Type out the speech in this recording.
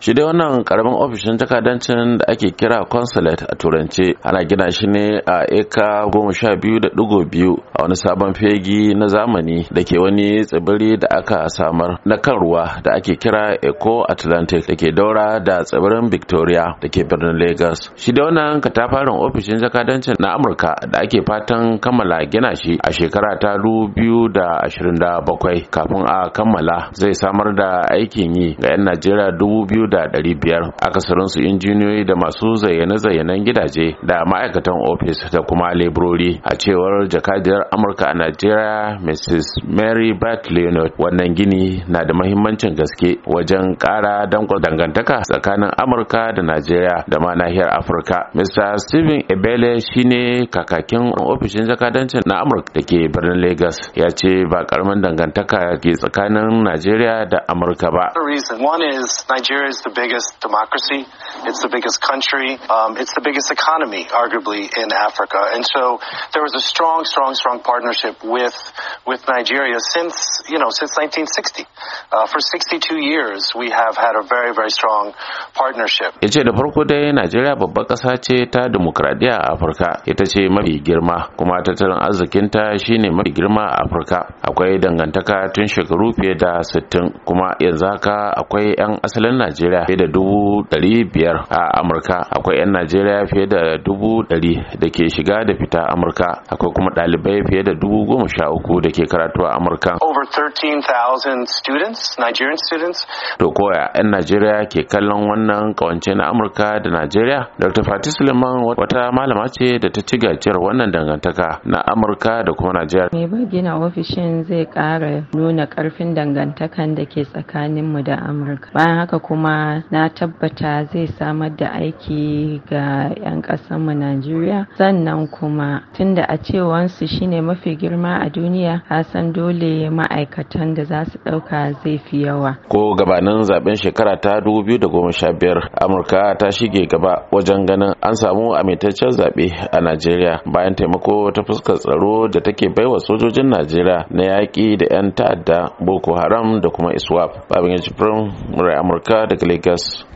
shi dai wannan karamin ofishin jakadancin da ake kira consulate a turance ana gina shi ne a eka goma sha biyu da digo biyu a wani sabon fegi na zamani da ke wani tsibiri da aka samar na kan ruwa da ake kira eco atlantic da ke daura da tsibirin victoria da ke birnin lagos shi dai wannan katafaren ofishin jakadancin na amurka da ake fatan kammala gina shi a shekara ta biyu da ashirin da bakwai kafin a kammala zai samar da aikin yi ga 'yan najeriya dubu biyu 2,500 da ɗari biyar akasarinsu injiniyoyi da masu zayyane-zayyanen gidaje da ma'aikatan ofis da kuma leburori a cewar jakadiyar amurka a najeriya mrs mary bat leonard wannan gini na da mahimmancin gaske wajen kara danƙon dangantaka tsakanin amurka da najeriya da ma nahiyar afirka mr stephen ebele shine kakakin ofishin jakadancin na amurka da ke birnin Legas. ya ce ba karamin dangantaka ke tsakanin najeriya da amurka ba is the biggest democracy. It's the biggest country. Um, it's the biggest economy, arguably, in Africa. And so there was a strong, strong, strong partnership with with Nigeria since you know since 1960. Uh, for 62 years, we have had a very, very strong partnership. Ya da farko dai Najeriya babbar ƙasa ce ta demokradiyya a Afirka. Ita ce mafi girma kuma tattalin arzikinta shine mafi girma a Afirka. Akwai dangantaka tun shekaru fiye da 60 kuma yanzu haka akwai 'yan asalin Najeriya najeriya fiye da dubu ɗari biyar a amurka akwai 'yan najeriya fiye da dubu ɗari da ke shiga da fita amurka akwai kuma ɗalibai fiye da dubu goma sha uku da ke karatu a amurka over 13,000 students nigerian students to koya 'yan najeriya ke kallon wannan kawance na amurka da najeriya dr fati suleiman wata malama ce da ta ci gajiyar wannan dangantaka na amurka da kuma najeriya mai bagina ofishin zai ƙara nuna ƙarfin dangantakan da ke tsakaninmu da amurka bayan haka kuma na tabbata zai samar da aiki ga 'yan ƙasanmu Najeriya sannan kuma tunda a cewansu shine mafi girma a duniya san dole ma'aikatan da za su ɗauka zai fi yawa. Ko gabanin zaben shekara ta 2015 Amurka ta shige gaba wajen ganin an samu amintaccen zaɓe a Najeriya bayan taimako ta fuskar tsaro da take baiwa sojojin Najeriya na yaƙi da 'yan ta'adda Boko Haram da kuma ISWAP. Babin Jibrin Murai Amurka daga legas